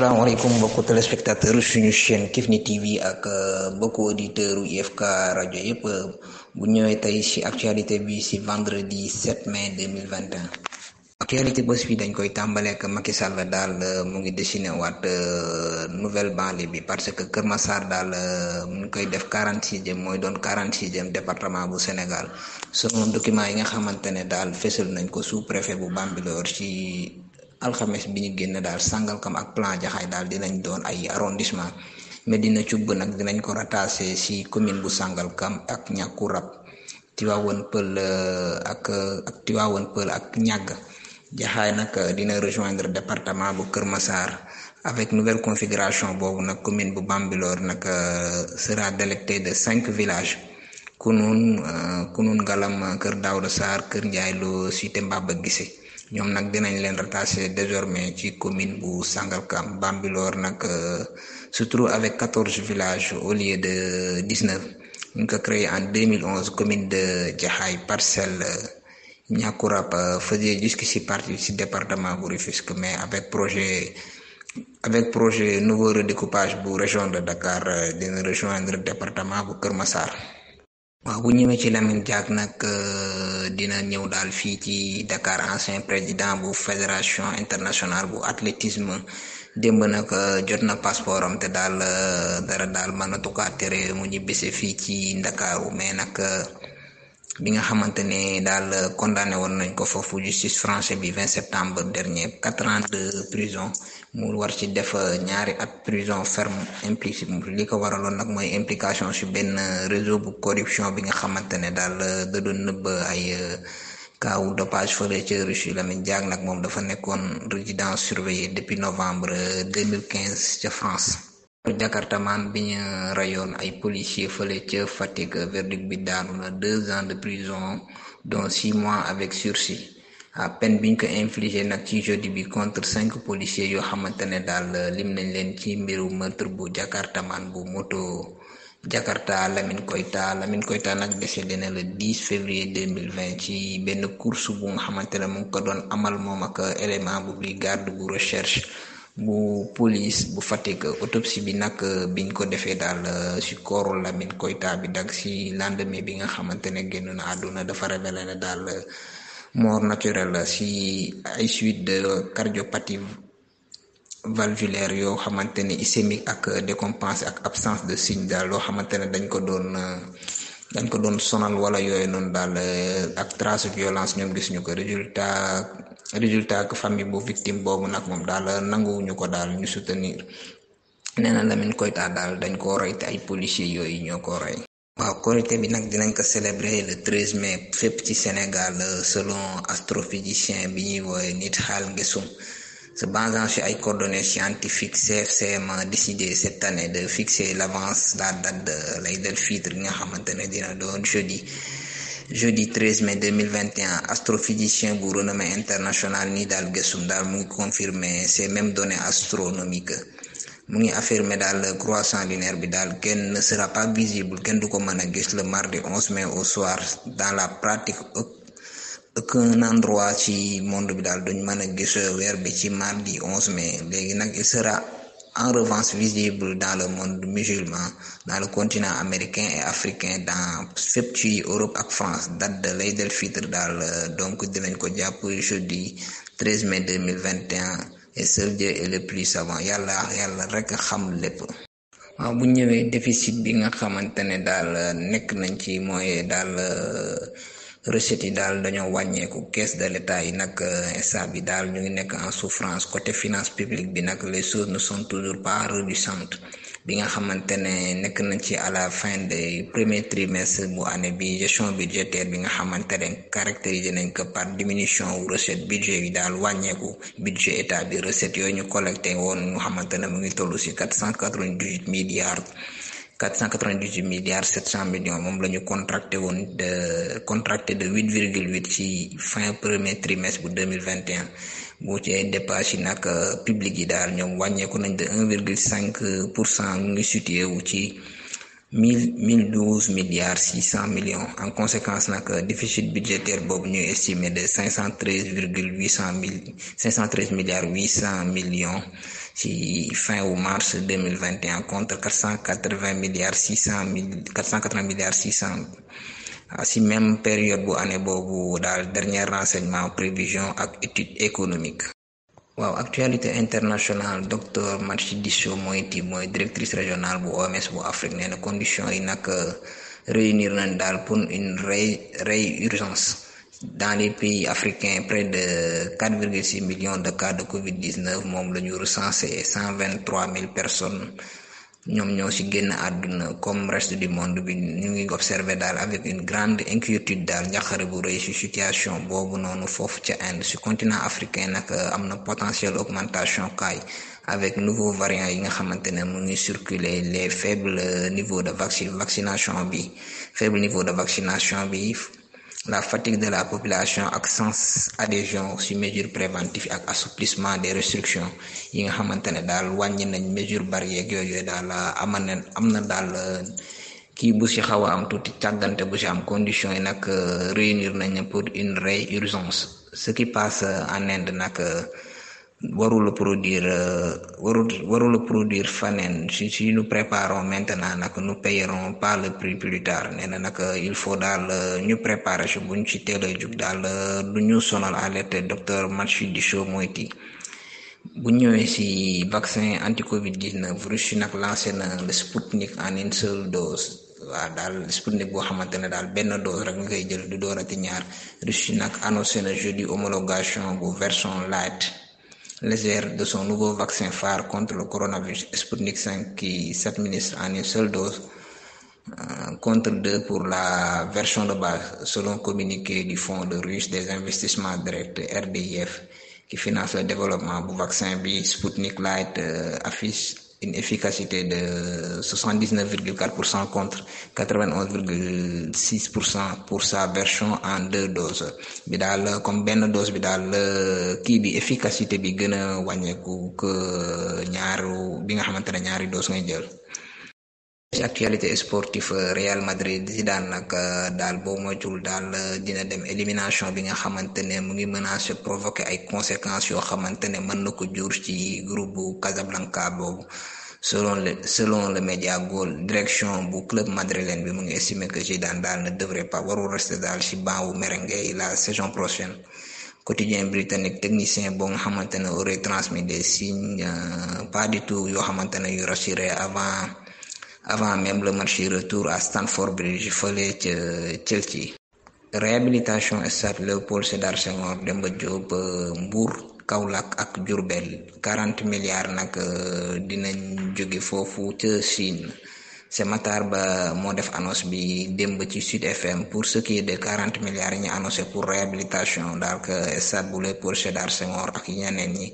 asalaamaaleykum mbokku téléspectateur suñu chaîne Kifne TV ak ah, mbokku auditeur u IFK e rajo yëpp bu ñëwee tey ci actualité bi ci vendredi 7 mai 2021 actualité bés bi dañ koy tàmbale eh, ak Macky Sall daal eh, mu ngi dessiné waat eh, nouvelle banlieue bi parce que Kër Massar daal mu ngi koy def quarante sixième mooy doon quarante sixième département bu Sénégal selon document yi nga xamante ne daal fësal nañ ko sous préfet bu Bambilor ci alxames bi ñu génn daal sangalkam ak plan jaxaay daal dinañ doon ay arrondissement medina cubb nag dinañ ko rattaché si commune bu kam ak ñàkku rab tiwaawon pël euh, ak euh, ak tiwaawon pël ak ñàgg jaxaay nag euh, dina rejoindre département bu kër massar avec nouvelle configuration boobu nag commune bu bambilor nag sera délecté de cinq villages kunun kunun galam kër daawda sar kër njaay cité mbaba gisee ñoom nag dinañ leen rattacher désormais ci commune bu Sangalkam Bambilor nag euh, se trouve avec 14 villages au lieu de 19. Nous ñu ko créé en 2011 commune de Parcel. parcelle euh, Niakourab euh, faisait jusqu'ici partie du département bu mais avec projet avec projet nouveau redécoupage bu région de Dakar dina rejoindre département de Kermassar. waaw bu ñëwee ci Lamine Diack nag euh, dina ñëw daal fii ci Dakar ancien président bu fédération internationale bu athlétisme démb nag euh, jot na passeport am te daal euh, dara daal mënatu kaa tere mu ñibbise fii ci Ndakaaru mais nag. bi nga xamante ne daal euh, condamné woon nañ ko foofu justice français bi 20 septembre dernier quatre ans de prison mu war ci def euh, ñaari at prison ferme implicite li ko waraloon nag mooy implication ci benn euh, réseau bu corruption bi nga xamante ne daal da doon nëbb ay kaaw dopage fële ca Russie Lamine Diack nag moom dafa nekkoon résidence surveillée depuis novembre 2015 ca France Jakarta man ñu rayon ay policier feulé ci fatigue verdict bi daanu na deux ans de prison dont six mois avec sursis A peine biñ ko infligé nak ci jeudi bi contre cinq policiers yo xamante dal lim nañ ci mbiru meurtre bu man bu moto Jakarta Lamine Koita Lamine Koita nak décédé na le 10 février 2020 ci benn course bu nga xamante ko don amal moom ak élément bu brigade bu recherche bu police bu Fatick autopsie bi nag euh, biñ ko defee daal si euh, kooru Lamine Koita bi dag si lendemain bi nga xamante ne génn na àdduna dafa révélé ne daal euh, mort naturelle si ay suite de cardiopathie valvulaire yoo xamante ne ischémique ak décompense ak absence de signe daal loo xamante ne dañ ko doon dañ ko doon sonal wala yooyu noonu daal eh, ak trace violence ñoom gis ñu ko résultat résultat que famille bu victime boobu nag moom daal ñu ko daal ñu soutenir nee na Lamine Koita daal dañ ko rey te ay policiers yooyu ñoo ko rey. waaw korité bi nag dinañ ko célébrer le 13 mai fépp ci Sénégal selon astrophysicien bi ñuy woowe nit xaal ngesum Ce basant sur les coordonnées scientifiques, CFCM a décidé cette année de fixer l'avance la date de l'Aïd al-Fitr jeudi jeudi 13 mai 2021 astrophysicien bu international Nidal Gesundar a confirmé ces mêmes données astronomiques Il a affirmé le croissant lunaire bi ne sera pas visible du le mardi 11 mai au soir dans la pratique aucun endroit ci monde bi dal duñ mën a gis qui bi ci mardi 11 mai légui nak il sera en revanche visible dans le monde musulman dans le continent américain et africain dans sept ci Europe ak France date de l'Aïd el Fitr euh, donc dinañ ko japp jeudi 13 mai 2021 et ce Dieu est le plus savant yalla yalla rek xam lepp bu ñëwee déficit bi nga xamantene ne euh, nek nañ ci mooy euh, recettes yi daal dañoo wàññeeku caisse de l'État yi nag euh, état bi daal ñu ngi nekk en souffrance côté finance publique bi nag les choses ne sont toujours pas réjouissantes bi nga xamante ne nekk nañ ci à la fin de premier trimestre bu année bi gestion budgétaire bi nga xamante ne caractérisé nañ ko par diminution wu recette budget yi daal wàññeeku budget état bi recette yooyu ñu collecté woon ñu xamante ne mu ngi toll ci quatre cent quatre-vingt-dix-huit milliards quatre cent quatre vingt dix huit milliards sept cent millions moom la ñu contracté woon de contracté de huit virgule huit ci fin premier trimestre bu deux mille vingt et un boo ci ay dépenses yi euh, publique yi daal ñoom wàññeeku nañ de un virgule cinq pour cent mu ngi wu ci. 1012 milliards 600 millions. En conséquence, le euh, déficit budgétaire est estimé de 513,800 513 milliards 800 millions si fin au mars 2021 contre 480 milliards 600 milliards 600 à si même période année dans le dernier renseignement prévision et études économiques waaw actualité internationale docteur Mathi Diso mooy directrice régionale bu OMS bu Afrique nee na condition yi nag euh, réunir nañ daal pour une urgence. dans les pays africains près de 4,6 millions de cas de Covid-19 moom la ñu recensé 123 000 personnes ñoom ñoo si génn àdduna comme reste du monde bi ñu ngi observer daal avec une grande inquiétude daal njaqare bu rëy si situation boobu noonu foofu ca Inde si continent africain nag euh, am na potentiel augmentation kaay avec nouveau variant yi nga xamante ne mu ngi circuler les faibles euh, niveaux de vaccin vaccination bi faible niveau de vaccination bi la fatigue de la population ak sans adhésion ci mesure préventive ak assouplissement des restrictions yi nga xamante dal daal nañ mesure barrière ak daal dal amane amna dal euh, ki bu ci xawa am tuuti càggante bu ci am conditions nak euh, réunir nañ pour une réurgence ce qui passe en Inde nag euh, warul produire euh, warul warul produire faneen si si nous préparons maintenant nag nu payerons pas le prix plus tard nee na nag euh, il faut daal euh, ñu préparer bu ñu ci teel a jug daal du ñu sonal alerte docteur Matshidiso show mooy kii bu ñëwee si vaccin anti Covid 19 Russie nag lancé na le en une seule dose waaw daal Sputnik boo xamante ne daal benn dose rek nga koy jël du doorati ñaar Russie nag annoncé na jeudi homologation bu version light. Les airs de son nouveau vaccin phare contre le coronavirus Sputnik 5 qui s'administre en une seule dose euh, contre deux pour la version de base, selon communiqué du Fonds de russe des investissements directs RDIF qui finance le développement du vaccin B Sputnik Light euh, affiche une efficacité de 79,4% contre 91,6% pour sa version en deux doses bi comme ben dose bi qui l'efficacité bi efficacité bi gëna a que ñaaru bi nga ñaari dose ngay actualité sportive Real Madrid Zidane euh, Dal bo mo moytul dal euh, dina dem élimination bi nga xamantene mu ngi menacer provoquer ay conséquences yo xamantene man nako jur ci groupe Casablanca boobu selon le selon le média Goal direction bu club madrilène bi mu ngi estimer que Zidane dal ne devrait pas warul rester dal ci banc wu merengue la saison prochaine quotidien britannique technicien bo nga xamantene aurait transmis des signes euh, pas du tout yoo xamante yu avant. avant même le match retour à Stamford Bridge fële ca Chelsea. réhabilitation stade Léopold Sédar Senghor Demba Diop euh, Mbour Kaolack ak Diourbel quarante milliards nag euh, dinañ jóge foofu ca Chine c'est Matar Ba moo def annonce bi démb ci Sud FM pour ce qui est de quarante milliards yi ñu annoncé pour réhabilitation daal que euh, stade bu Léopold Sédar Senghor ak yeneen yi.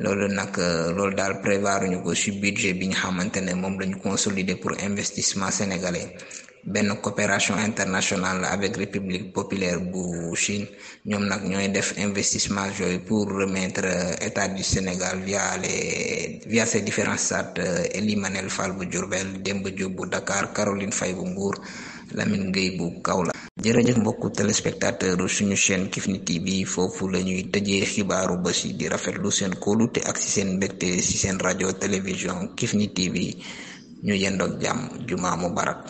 loolu nag euh, loolu daal prévoir ko budget bi nga xamante ne moom lañu consolider pour investissement sénégalais benn coopération internationale avec république populaire bu Chine ñoom nag ñooy def investissement yooyu pour remettre euh, état du Sénégal via les via ses différents stades Elimanel euh, Fall bu Diourbel Demba Diop Dakar Caroline Faye bu Lamine Gueye bu kaw la jërëjëf mbokku téléspectateur suñu chaîne Kifne TV foofu la ñuy tëjee xibaaru bés yi di rafetlu seen kóolute ak ci seen mbégte ci seen rajo télévision Kifne TV ñu yendoog jàmm jumaa mubarak